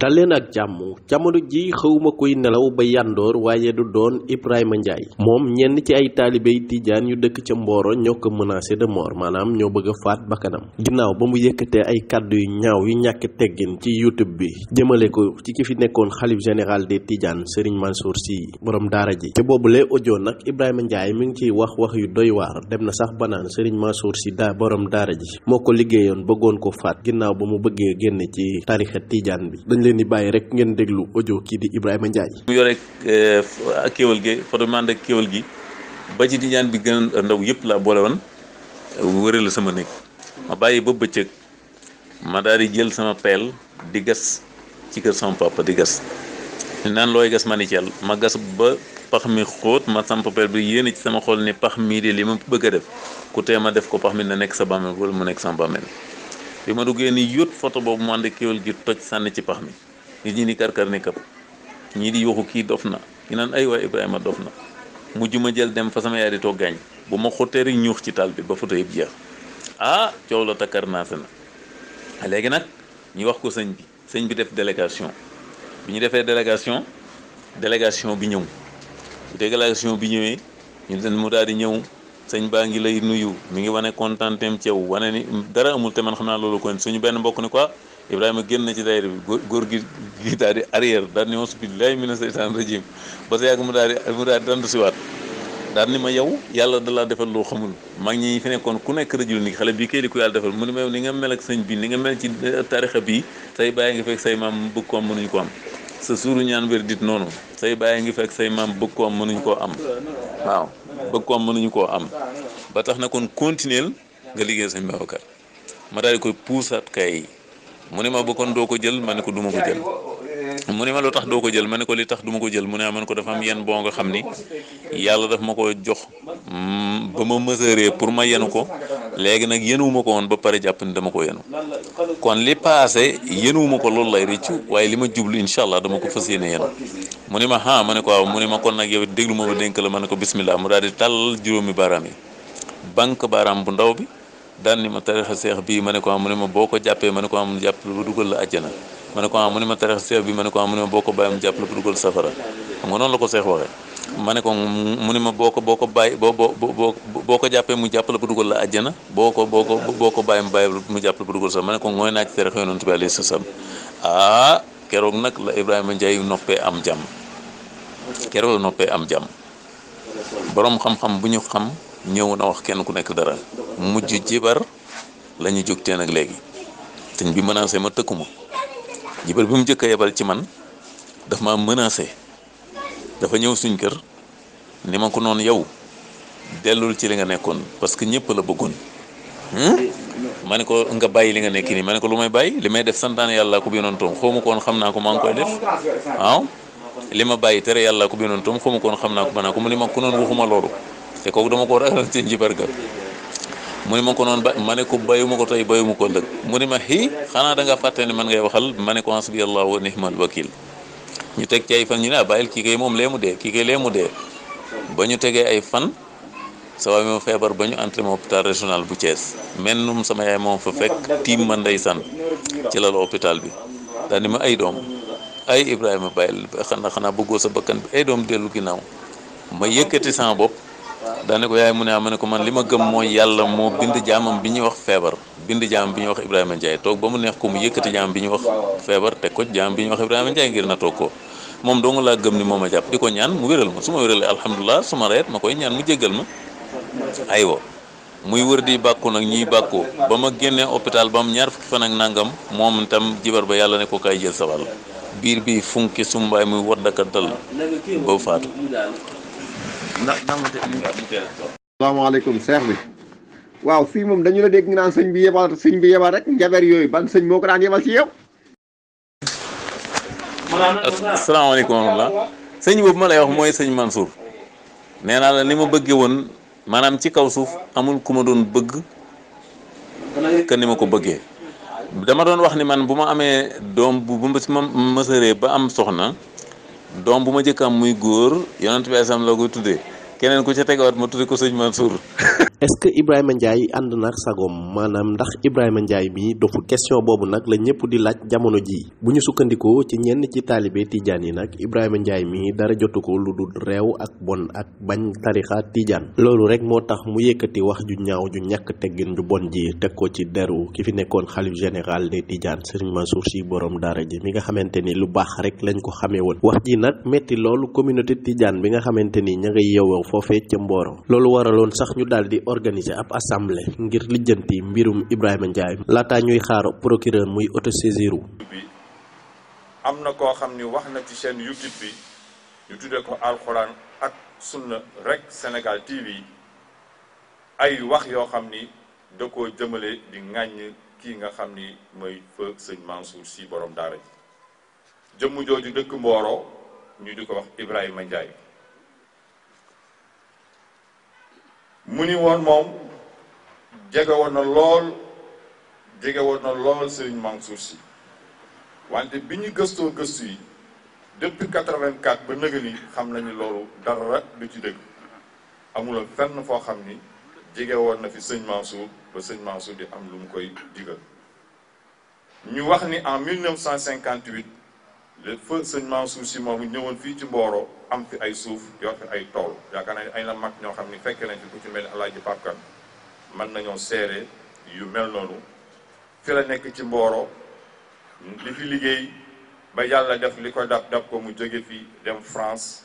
dalleen ak jàmm jamono ji xawma koy nelaw ba yandoor waaye du doon Ibrahima Ndiaye moom ñenn ci ay taalibey tiijaan yu dëkk ca Mboro ñoo ko menacé de mort maanaam ñoo bëgg a faat bakkanam ginnaaw ba mu yëkkatee ay kàddu yu ñaaw yu ñàkk teggin ci youtube bi jëmale ko ci ki fi nekkoon xalif général des tijaan Serigne Mansour Sy borom daara ji boobu boobule ojoon nag Ibrahima Ndiaye mi ngi ciy wax wax yu doy waar dem na sax ba naan Serigne Mansour Sy daa borom daara ji moo ko liggéeyoon bëggoon ko faat ginnaaw ba mu bëggee génn ci tarixa bi leen di bàyyi rek ngeen déglu audio kii di Ibrahima Ndiaye. bu yore eh, kéwél gi photo man ak kéwal gi ba ci di bi gën a ndaw yëpp laa boole woon wëre sama néeg ma bàyyi ba bëccëg ma daldi jël sama peel di gas ci kër sama papa di gas naan looy gas ma ni ceel ma gas ba pax mi xóot ma samp peel bi yéene ci sama xol ni pax mii de li ma bëgg a def ku tee ma def ko pax mi na nekk sa bàmmeel wala mu nekk sama bàmmeel bi ma duggee ni yót photo boobu mu ànd kéwél gi toj sànni ci pax mi nit ñi ni kar ni këpp ñii di yuuxu kii dof na ñu naan ay waa Ibrahima dof na mujj ma jël dem fa sama yaay di toog bu ma xotteeri ñuux ci taal bi ba photo yëpp jeex ah coow la takkar naase na ah, léegi nag ñu wax ko sëñ bi sëñ bi def délégation bi ñu defee délégation délégation bi ñëw bu délégation bi ñëwee ñu mu daal di ñëw sëñ baa ngi lay nuyu mi ngi wane kontaanteem ci yow wane ni dara amul te man xam naa loolu kon suñu benn mbokk ne quoi Ibrahima génn na ci daayira bi góor gi gi daal di arrière daal ni auzubillahi mina seytaan rajim ba sa yàgg mu daal di mu daal di siwaat daal ni ma yow yàlla da laa defal loo xamul mag ñi fi nekkoon ku nekk rëjul ni xale bi kay di ko yàlla defal mu ne ma yow ni nga mel ak sëñ bi ni nga mel ci eh, tarixa bii say bàyyi nga fekk say maam bëgg ko am mënuñu ko am sa suuru ñaan wér dit noonu say bàyyi ngi fekk say maam bëgg ko am mënuñu koo am bëgg ko am mënuñu koo am ba tax na kon continuer nga liggéey sëñ Babacar ma daal di koy puusaat kay mu ne ma ba kon doo ko jël ma ne ko duma ko jël mu ne ma lu tax doo ko jël ma ne ko li tax duma ko jël mu ne man ko dafa am yenn boo nga xam ni yàlla daf ma ko jox mm, ba ma mësëree pour ma yenu ko léegi nag yenuwuma ko woon ba pare jàpp ni dama ko yenu kon li paase yenuwuma ko loolu lay ricc waaye li ma jublu incha allah dama ko fas yéene yenu mu ni ma ah ma ne ko waaw mu ni ma kon nag yow déglu ma ba dénk la ma ne ko bismillah mu daal di tàllal juróomi baaraam yi banque baaraam bu ndaw bi daan ni ma tarixa seex bii ma ne ko mu ma boo ko jàppee ne ko ah mu jàpp ba dugal la àjjana ma ne ko ah ma tarixa seex bi ma ne ko ah mu ni ma boo ko bàyyi mu jàpp la ba dugal safara la ko seex waxee ma ne ko mu ni ma boo ko boo ko bàyyi boo boo boo ko jàppee mu jàpp ba dugal la àjjana boo ko boo ko boo ko bàyyi mu jàpp la ba dugal safara ma ne ko mooy naaj tarixa yonent bi alayhi salaam ah keroog nag la Ibrahima Ndiaye noppee am jàmm keroog la noppee am jàmm boroom xam-xam bu ñu xam ñëw na wax kenn ku nekk dara mujj jibar la jóg jógtee ak léegi sëñ bi menacé ma tëkku ma jibar bi mu njëkk a yebal ci man daf ma menacé dafa ñëw suñ kër ni ma ko noonu yow dellul ci li nga nekkoon parce que ñëpp la bëggoon hmm? ma ne ko nga bàyyi li nga nekki nii ma ne ko lu may bàyyi li may def santaan yàlla ku bi noon toom xaw ma ko xam naa ko maa ngi koy def li ma bàyyi tere yàlla ku bi noon toom xaw ma ko xam naa ko ma naa ko mu ni ma noon waxuma loolu te kooku dama ko ragal ci njibarga mu ni ma ko noon ba ma ne ko bayu ma ko tey bayu ma ko ëllëg mu ni ma xii xanaa da nga fàtte ne man ngay waxal ma ne ko hasbi allahu wa nihmal wakil ñu teg ci ay fan ñu ne ah bàyyil kii kay moom lee mu dee kii kay lee mu dee ba ñu tegee ay fan sa waay feebar ba ñu entré ma hôpital régional bu Thiès mennum sama yaay moom fa fekk tiim ma ndeysaan ci lal hôpital bi daal ni ma ay doom ay Ibrahima bàyyil xanaa xanaa bëggoo sa bakkan ay doom dellu ginnaaw ma yëkkati sama bopp daane ko yaay mu ne ah, ne ko man li ma gëm moo yàlla moo bind jaamam bi ñu wax feebar bind jaam bi ñu wax Ibrahima Ndiaye toog ba mu neex ko mu yëkkati jaam bi ñuy wax feebar teg ko jaam bi ñu wax Ibrahima Ndiaye ngir na toog ko moom dong laa gëm ni moom a jàpp di ko ñaan mu wéral ma su ma wéralee alhamdulilah su ma reet koy ñaan mu jéggal ma aywa muy wër di bàkku nag ñiy bàkkoo ba ma génnee hôpital bam mu ñaar fukki fan ak nangam moom itam jibar ba yàlla ne ko kaay jël sa wàll biir bi funki sumbaay muy waddaka dal ba faatu seex bi waaw fii moom dañu la dégg naan sëñ bi yebal sëñ bi yebal rek njaber yooyu ban sëñ moo ko daan yebal ci yow asalaamaaleykum wa rahmatulah sëñ boobu ma lay wax mooy sëñ Mansour nee la ni ma bëggee woon maanaam ci kaw suuf amul ku ma doon bëgg que ni ma ko bëggee dama doon wax ni man bu ma amee doom bu bu ma mësëree ba am soxna doom bu ma jëkk am muy góor yonent bi asam la koy tuddee keneen ku ca tegawaat ma tudde ko sëñ Mansour. est-ce que Ibrahima Ndiaye ànd na ak sagoom maanaam ndax Ibrahima Ndiaye mii doxul question boobu nag la ñëpp di laaj jamono jii bu ñu sukkandikoo ci ñenn ci taalibe tijaan yi nag Ibrahima Ndiaye mii dara jotu ko lu dul réew ak bon ak bañ tarixa tijaan loolu rek moo tax mu yëkkati wax ju ñaaw ju ñàkk teggin ju bon ji teg ko ci deru ki fi nekkoon xalif général des tijaan sëriñ Mansour si borom daara ji mi nga xamante ni lu baax rek lañ ko xamee wax ji nag metti loolu communauté tijaan bi nga xamante ni ña nga foofee ca Mboro loolu waraloon sax ñu daal di organiser ab assemblée ngir lijjanti mbirum Ibrahima Ndiaye laataa ñuy xaar procureur muy autosaisiru bi am na koo xam ni wax na ci chaîne YouTube bi ñu tuddee ko alxuraan ak sunna rekk Sénégal TV ay wax yoo xam ni da koo jëmale di ŋàññ kii nga xam ni mooy feu sëñ Mansour si borom daara jëmm jooju dëkk Mboro ñu di ko wax Ibrahima Ndiaye mu ni woon moom jege woon na lool jege woon na lool Serigne Mansour si wante bi ñu gëstoo gëstu yi depuis 84 ba nëga ni xam nañu loolu dara lu ci dëgg amula fenn foo xam ni jege woon na fi sëñ Mansour ba sëñ Mansour di am lu mu koy digal ñu wax ni en 1958 léegi fa sëñ Mansour moom mu ñëwoon fii ci Mboro am fi ay suuf yor fi ay tool yaakaar naa ne ay la mag ñoo xam ni fekke nañ fi ku ci mel ni Alaaji Pape Kane mën nañoo seere yu mel noonu fi la nekk ci Mboro li fi liggéey ba yàlla def li ko dab dab ko mu jóge fi dem France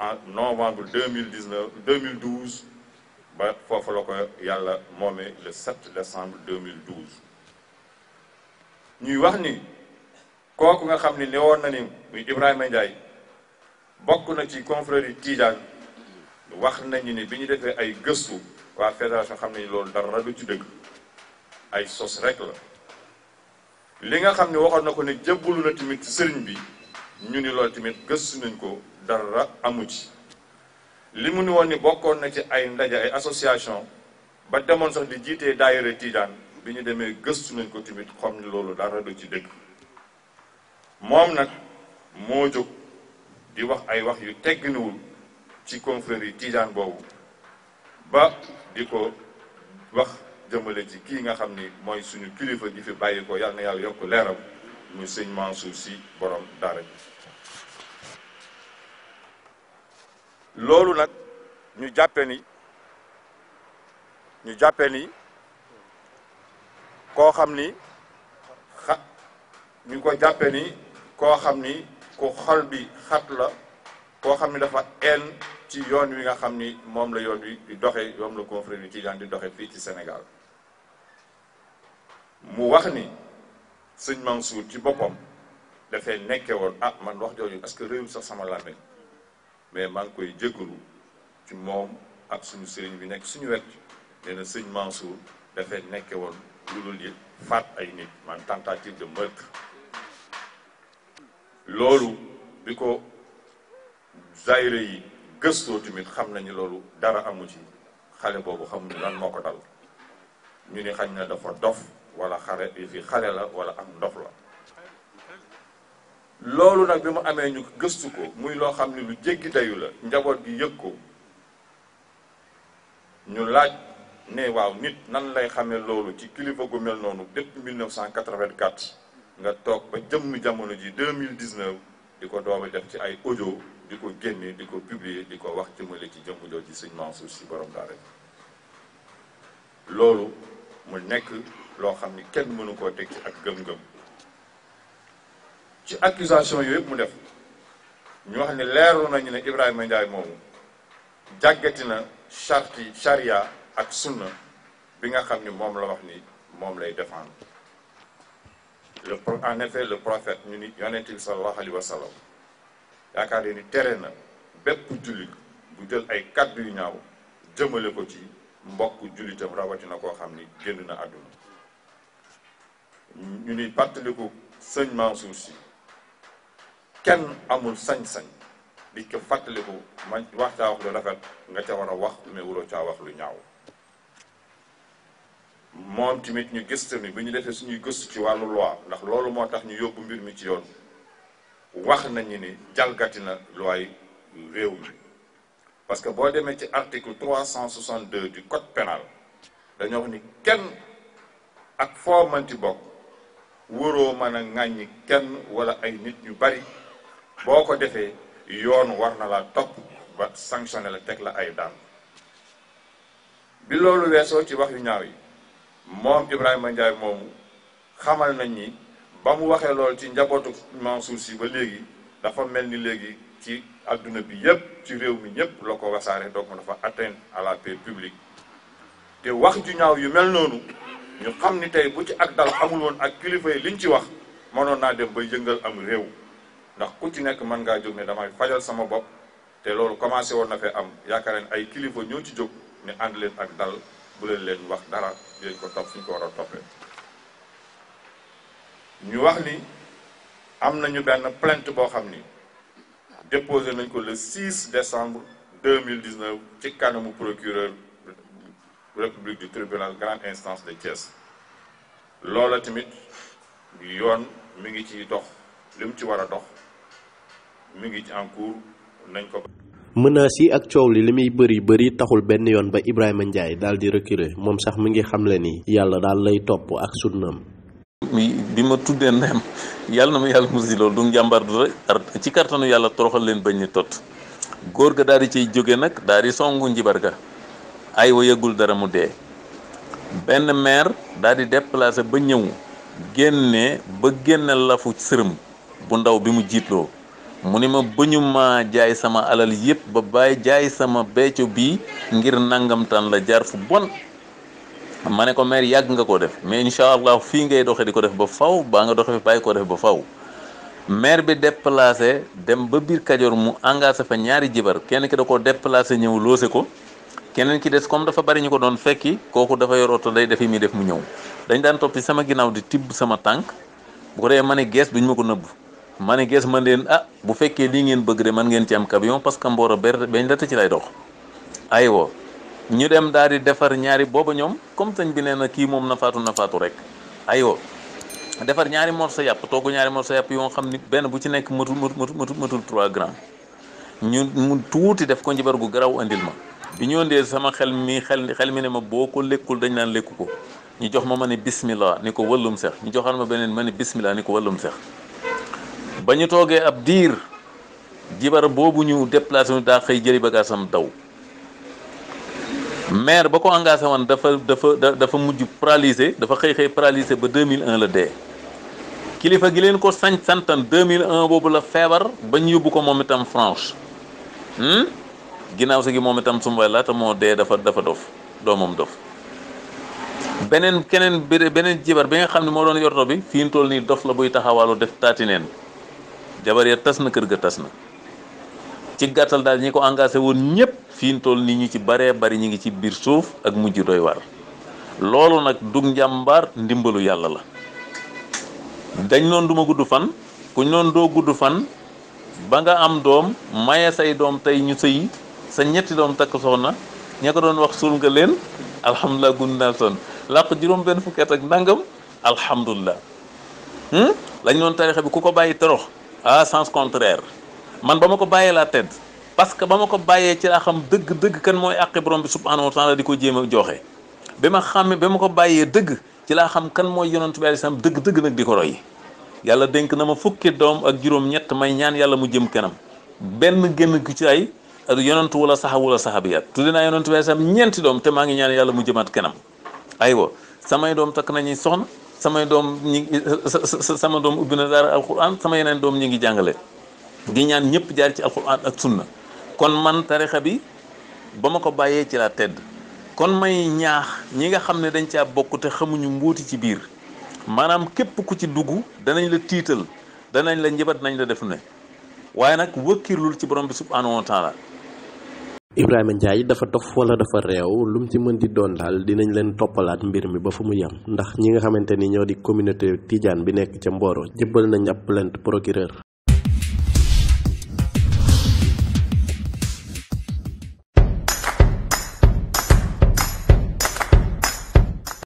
en novembre deux mille dix neuf deux mille douze ba foofu la ko yàlla moomee le 7 décembre deux mille douze ñuy wax ni. kooku nga xam ni newoon na ni muy Ibrahima Ndiaye bokk na ci confrérie Tidiane wax nañu ni bi ñu defee ay gëstu waa fédération xam nañu loolu dara du ci dëgg ay sos rek la li nga xam ne waxoon na ko ne jébbalu na tamit sëriñ bi ñu ni loolu tamit gëstu nañ ko dara amu ci li mu ni woon ni bokkoon na ci ay ndaje ay association ba demoon sax di jiitee daayira tiijaan bi ñu demee gëstu nañ ko tamit xam ni loolu dara du ci dëgg moom nag moo jóg di wax ay wax yu tegginuwul ci confrérie tijaan boobu ba di ko wax jëmale ci kii nga xam ni mooy suñu kilifa gi fi bàyyi ko yàlla na yàlla yokk leeram muy sëñ suuf si borom daara loolu nag ñu jàppe ni ñu jàppe ni koo xam ni xa ñu ko jàppe ni koo xam ni ku xol bi xat la koo xam ni dafa en ci yoon wi nga xam ni moom la yoon wi di doxe yoon la confrérie tidiane di doxe fii ci Sénégal mu wax ni sëñ Mansour ci boppam dafay nekke woon ah man wax jooju parce que réew sax sama làmmiñ mais maa koy jégalu ci moom ak suñu sëriñ bi nekk suñu wet nee na sëñ Mansour dafay nekke woon lu dul it faat ay nit man tentative de meurtre loolu bi ko zaire yi gëstoo tamit xam nañu loolu dara amu ci xale boobu xamuñu lan moo ko dal ñu ni xañ na dafa dof wala xare fi xale la wala am ndox la loolu nag bi mu amee ñu gëstu ko muy loo xam ne lu jéggi dayu la njaboot gi yëg ko ñu laaj ne waaw nit nan lay xamee loolu ci kilifa gu mel noonu depuis 1984 nga toog ba jëmm jamono ji 2019 di ko doog a def ci ay audio di ko génne di ko publier di ko wax jëmale ci jëmm jooju Sëñ Mansour Sy borom daara loolu mu nekk loo xam ni kenn mënu koo teg ci ak gëm-gëm ci accusation yooyu yëpp mu def ñu wax ne leeru nañu ne Ibrahima Ndiaye moomu jàggati na charte charia ak sunna bi nga xam ni moom la wax ni moom lay defaan le en effet le prophète ñu ni yonent bi sallallahu alayhi wa sallam yaakaar ni tere na bépp jullit bu jël ay kàddu yu ñaaw jëmale ko ci mbokk jullitam rawatina koo xam ni génn na àdduna ñu ni fàttaliku sëñ Mansour si kenn amul sañ-sañ di ko fàttaliku man wax caa wax lu rafet nga ca war a wax mais wuroo caa wax lu ñaaw moom tamit ñu gëstu ni bi ñu defee suñuy gëstu ci wàllu loi ndax loolu moo tax ñu yóbbu mbir mi ci yoon wax nañu ni jalgati na loi yi réew mi parce que boo demee ci article 362 du code pénal dañoo wax ni kenn ak foo mënti bokk waroo mën a ŋàññi kenn walla ay nit ñu bari boo ko defee yoon war na la topp ba sanctionné la teg la ay daan bi loolu weesoo ci wax yu ñaaw yi moom Ibrahima Ndiaye moomu xamal nañ ni ba mu waxee loolu ci njabootu Mansour si ba léegi dafa mel ni léegi ci àdduna bi yépp ci réew mi ñépp la ko wasaare donc dafa atteindre à la paix publique te wax ju ñaaw yu mel noonu ñu xam ni tey bu ci ak dal amul woon ak kilifa yi liñ ci wax mënoon naa dem ba yëngal am réew ndax ku ci nekk mën ngaa jóg ne damay fajal sama bopp te loolu commencé woon na fee am yaakaar ne ay kilifa ñëw ci jóg ne ànd leen ak dal bu leen leen wax dara dinañ ko topp fi ko war a toppee ñu wax ni am nañu benn plainte boo xam ni déposé nañ ko le 6 décembre 2019 ci kanamu procureur république du tribunal grande instance de Thiès loola tamit yoon mi ngi ciy dox li mu ci war a dox mi ngi ci en cours nañ ko. menaces yi ak coow li li muy bëri bari taxul benn yoon ba Ibrahima Ndiaye daal di reculer moom sax mi ngi xamle ni yàlla daal lay topp ak sunnaam. mi bi ma tuddee ndeyam yàlla na ma yàlla loolu du jàmbaar du rek ci kattanu yàlla toroxal leen bañ ñu tot góor ga daal di ciy jóge nag daal di songu njibar ga ay wa dara mu dee benn maire daldi di déplacé ba ñëw génnee ba génne lafu sërëm bu ndaw bi mu jiitloo mu ni ma ba ñu maa jaay sama alal yépp ba bàyyi jaay sama beccu bii ngir nangamtaan la jaar fu bon ma ne ko maire yàgg nga ko def mais incha allah fii ngay doxe di ko def ba faw baa nga doxe fi bàyyi ko def ba faw maire bi déplacé dem ba biir Kajoor mu engagé fa ñaari jibar kenn ki da ko déplacé ñëw loose ko keneen ki des comme dafa bari ñu ko doon fekki kooku dafa yor oto day defi muy def mu ñëw dañ daan topp ci sama ginnaaw di tibb sama tànk bu ko defee ma ne gees duñ ma ko nëbb ma ne gees man leen ah bu fekkee lii ngeen bëgg de man ngeen ci am camion parce que Mboro ber beñ la ci lay dox aywa ñu dem daal di defar ñaari booba ñoom comme sëñ bi nee na kii moom nafaatu nafaatu rek aywa defar ñaari morceau yàpp togg ñaari morceau yàpp yoo xam ni benn bu ci nekk matul matul matul trois grammes ñu mu tuuti def ko njibar gu garaw andil ma bi ñu ndee sama xel mi xel xel mi ne ma boo ko lekkul dañ naan lekku ko ñu jox ma ma ne bismillah ni ko wëllum sex ñu joxal ma beneen ma ne bismillah ni ko wëllum sex ba ñu toogee ab diir jibar boobu ñu déplacé wu daa xëy jëli bagaasam daw maire ba ko engagé woon dafa dafa dafa mujj paralysé dafa xëy xëy paralysé ba 2001 la dee kilifa gi leen ko sañ mille 2001 boobu la feebar ba ñu yóbbu ko moom itam franche hmm? ginnaaw si gi moom itam sumbay laata moo dee dafa dafa dof doomam dof beneen keneen beneen jibar bi nga xam ne moo doon yorto bi fi mu toll nii dof la buy taxawaalu def taati neen jabar ya tas na kër ga tas na ci gàttal daal ñi ko engagé woon ñëpp fi ñu toll nii ñu ci baree bari ñu ngi ci biir suuf ak mujj dooy war loolu nag dug njàmbaar ndimbalu yàlla la dañ noon duma gudd fan kuñ noon doo gudd fan ba nga am doom maye say doom tey ñu sëy sa ñetti doom takk soxna ña ko doon wax suul nga leen alhamdulilah gund naa son làq juróom benn fukket ak nangam alhamdulilah hmm? lañ noon tarixa bi ku ko bàyyi torox ah sens contraire man ba ma ko bàyyee laa tedd parce que ba ma ko bàyyee ci laa xam dëgg dëgg kan mooy àqi borom bi subhanahu wa taala di ko jéem a joxe bi ma xàmme ba ma ko bàyyee dëgg ci laa xam kan mooy yonent bi alislam dëgg dëgg nag di ko roy yàlla dénk na ma fukki doom ak juróom-ñett may ñaan yàlla mu jëm kenam benn génn gi ci ay yonent wala saxa wala saxabiyaat tudde naa yonent bi alislam ñeenti doom te maa ngi ñaan yàlla mu jëmaat kena aywa samay doom takk nañuy soxna. samay doom ñi sama doom ubbi na daara alquran sama yeneen doom ñu ngi jàngale ngi ñaan ñëpp jaar ci alquran ak sunna kon man tarixa bi ba ma ko bàyyee ci la tedd kon may ñaax ñi nga xam ne dañ caa bokk te xamuñu mbooti ci biir maanaam képp ku ci dugg danañ la tiital danañ la njëbat nañ la def ne waaye nag wëkkirlul ci borom bi subhanahu wa Ibrahima Ndiaye dafa dof wala dafa réew lu mu ci mën di doon daal dinañ leen toppalaat mbir mi ba fu mu yem ndax ñi nga xamante ni ñoo di communauté Tidiane bi nekk ca Mboro jébbal nañ ab plainte procureur